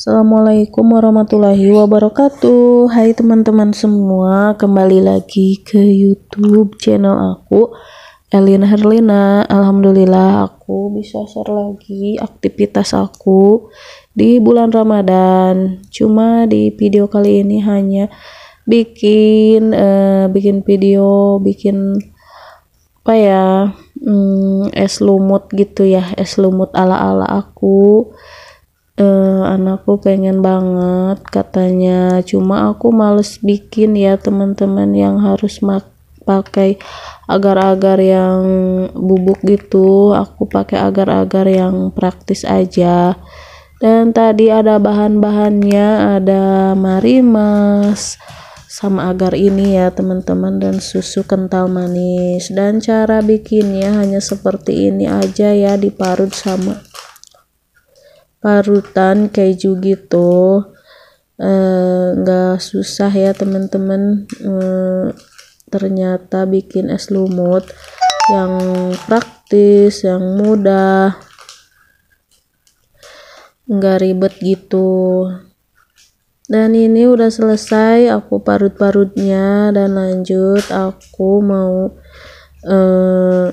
Assalamualaikum warahmatullahi wabarakatuh Hai teman-teman semua Kembali lagi ke youtube channel aku Elina Herlina Alhamdulillah aku bisa share lagi aktivitas aku Di bulan ramadhan Cuma di video kali ini hanya Bikin uh, Bikin video Bikin Apa ya mm, Es lumut gitu ya Es lumut ala-ala aku uh, anakku pengen banget katanya cuma aku males bikin ya teman-teman yang harus mak pakai agar-agar yang bubuk gitu aku pakai agar-agar yang praktis aja dan tadi ada bahan-bahannya ada marimas sama agar ini ya teman-teman dan susu kental manis dan cara bikinnya hanya seperti ini aja ya diparut sama parutan keju gitu eh, nggak susah ya teman-teman eh, ternyata bikin es lumut yang praktis yang mudah nggak ribet gitu dan ini udah selesai aku parut-parutnya dan lanjut aku mau eh,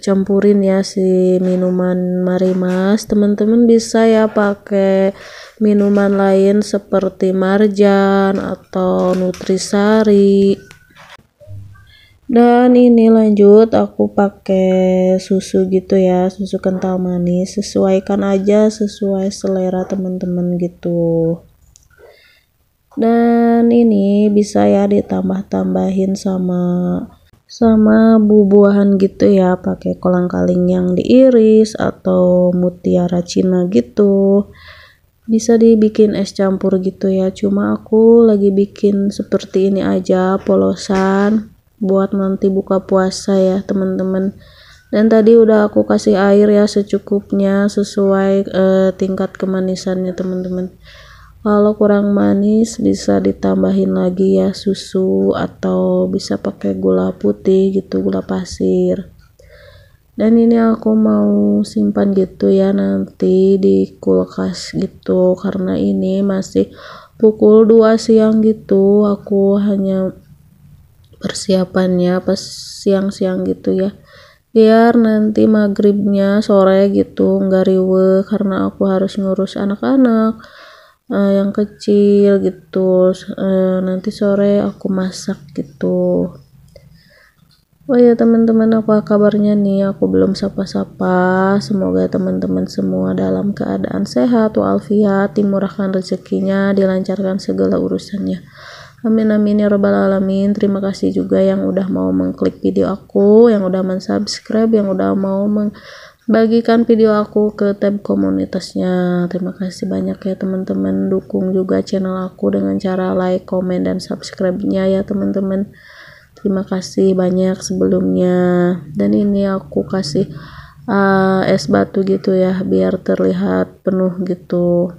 campurin ya si minuman marimas teman-teman bisa ya pakai minuman lain seperti marjan atau nutrisari dan ini lanjut aku pakai susu gitu ya susu kental manis sesuaikan aja sesuai selera teman-teman gitu dan ini bisa ya ditambah-tambahin sama sama buah-buahan gitu ya pakai kolang kaling yang diiris atau mutiara Cina gitu bisa dibikin es campur gitu ya cuma aku lagi bikin seperti ini aja polosan buat nanti buka puasa ya teman-teman dan tadi udah aku kasih air ya secukupnya sesuai eh, tingkat kemanisannya teman-teman kalau kurang manis bisa ditambahin lagi ya susu atau bisa pakai gula putih gitu gula pasir dan ini aku mau simpan gitu ya nanti di kulkas gitu karena ini masih pukul 2 siang gitu aku hanya persiapannya pas siang-siang gitu ya biar nanti maghribnya sore gitu nggak riwe karena aku harus ngurus anak-anak uh, yang kecil gitu uh, nanti sore aku masak gitu Oh ya teman-teman apa kabarnya nih aku belum sapa-sapa semoga teman-teman semua dalam keadaan sehat walafiat dimurahkan rezekinya dilancarkan segala urusannya Amin amin ya robbal alamin. Terima kasih juga yang udah mau mengklik video aku, yang udah mensubscribe, yang udah mau meng bagikan video aku ke tab komunitasnya. Terima kasih banyak ya teman-teman. Dukung juga channel aku dengan cara like, komen, dan subscribe-nya ya teman-teman. Terima kasih banyak sebelumnya. Dan ini aku kasih uh, es batu gitu ya biar terlihat penuh gitu.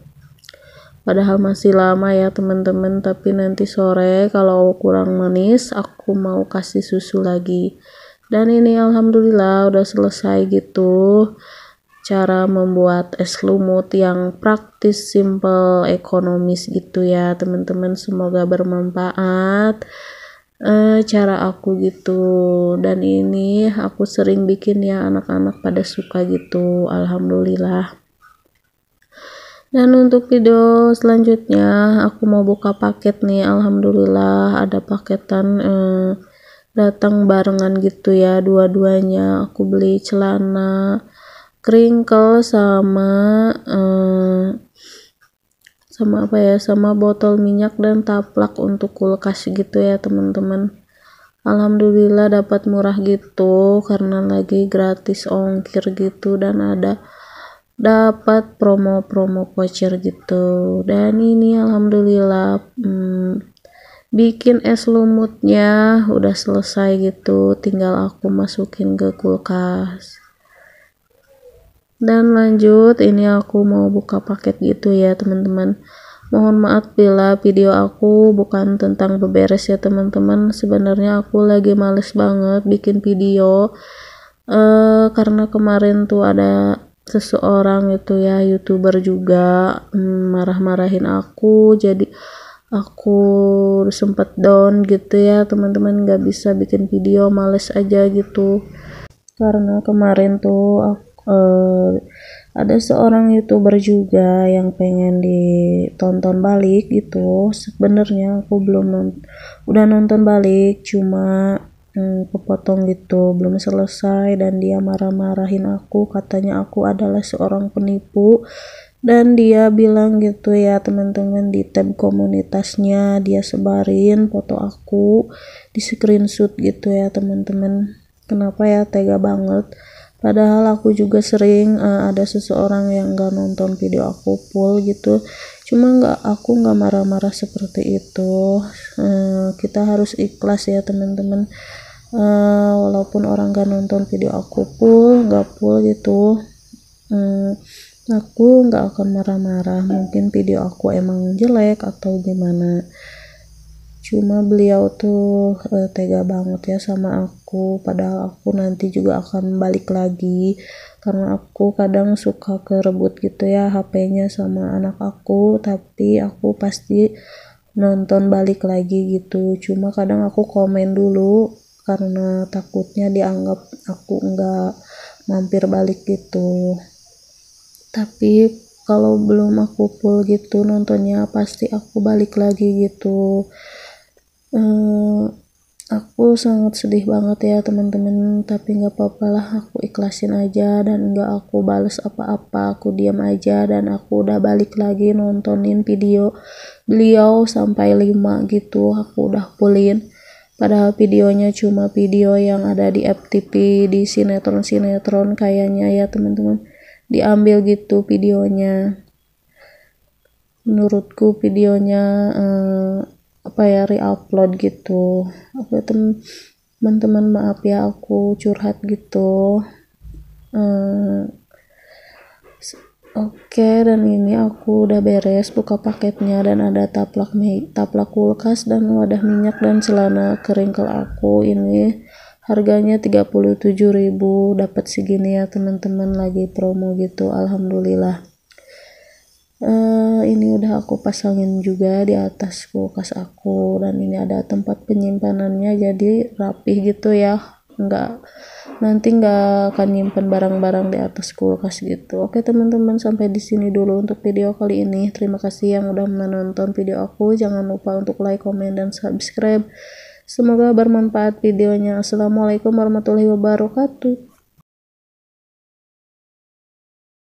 Padahal masih lama ya teman-teman, tapi nanti sore kalau kurang manis aku mau kasih susu lagi dan ini alhamdulillah udah selesai gitu cara membuat es lumut yang praktis, simple, ekonomis gitu ya teman-teman semoga bermanfaat e, cara aku gitu dan ini aku sering bikin ya anak-anak pada suka gitu alhamdulillah dan untuk video selanjutnya aku mau buka paket nih alhamdulillah ada paketan eh, datang barengan gitu ya dua-duanya aku beli celana kringkel sama eh, sama apa ya sama botol minyak dan taplak untuk kulkas gitu ya teman-teman Alhamdulillah dapat murah gitu karena lagi gratis ongkir gitu dan ada dapat promo-promo voucher gitu dan ini alhamdulillah hmm, bikin es lumutnya udah selesai gitu tinggal aku masukin ke kulkas dan lanjut ini aku mau buka paket gitu ya teman-teman mohon maaf bila video aku bukan tentang beberes ya teman-teman sebenarnya aku lagi males banget bikin video uh, karena kemarin tuh ada seseorang gitu ya youtuber juga mm, marah-marahin aku jadi aku sempat down gitu ya teman-teman nggak bisa bikin video males aja gitu karena kemarin tuh aku, uh, eh, ada seorang youtuber juga yang pengen ditonton balik gitu sebenarnya aku belum udah nonton balik cuma hmm, kepotong gitu belum selesai dan dia marah-marahin aku katanya aku adalah seorang penipu dan dia bilang gitu ya teman-teman di tab komunitasnya dia sebarin foto aku di screenshot gitu ya teman-teman kenapa ya tega banget padahal aku juga sering uh, ada seseorang yang gak nonton video aku full gitu cuma gak, aku gak marah-marah seperti itu uh, kita harus ikhlas ya teman-teman uh, walaupun orang gak nonton video aku full gak full gitu uh, aku nggak akan marah-marah mungkin video aku emang jelek atau gimana cuma beliau tuh uh, tega banget ya sama aku padahal aku nanti juga akan balik lagi karena aku kadang suka kerebut gitu ya HP-nya sama anak aku tapi aku pasti nonton balik lagi gitu cuma kadang aku komen dulu karena takutnya dianggap aku nggak mampir balik gitu tapi kalau belum aku full gitu nontonnya pasti aku balik lagi gitu uh, aku sangat sedih banget ya teman-teman tapi nggak apa-apa lah aku ikhlasin aja dan nggak aku bales apa-apa aku diam aja dan aku udah balik lagi nontonin video beliau sampai 5 gitu aku udah pulin padahal videonya cuma video yang ada di FTP di sinetron-sinetron kayaknya ya teman-teman diambil gitu videonya menurutku videonya eh, apa ya reupload gitu oke teman-teman maaf ya aku curhat gitu eh, Oke, okay, dan ini aku udah beres buka paketnya dan ada taplak taplak kulkas dan wadah minyak dan celana keringkel aku ini harganya 37.000 dapat segini ya teman-teman lagi promo gitu alhamdulillah uh, ini udah aku pasangin juga di atas kulkas aku dan ini ada tempat penyimpanannya jadi rapih gitu ya nggak nanti nggak akan nyimpan barang-barang di atas kulkas gitu oke teman-teman sampai di sini dulu untuk video kali ini terima kasih yang udah menonton video aku jangan lupa untuk like comment dan subscribe Semoga bermanfaat videonya. Assalamualaikum warahmatullahi wabarakatuh.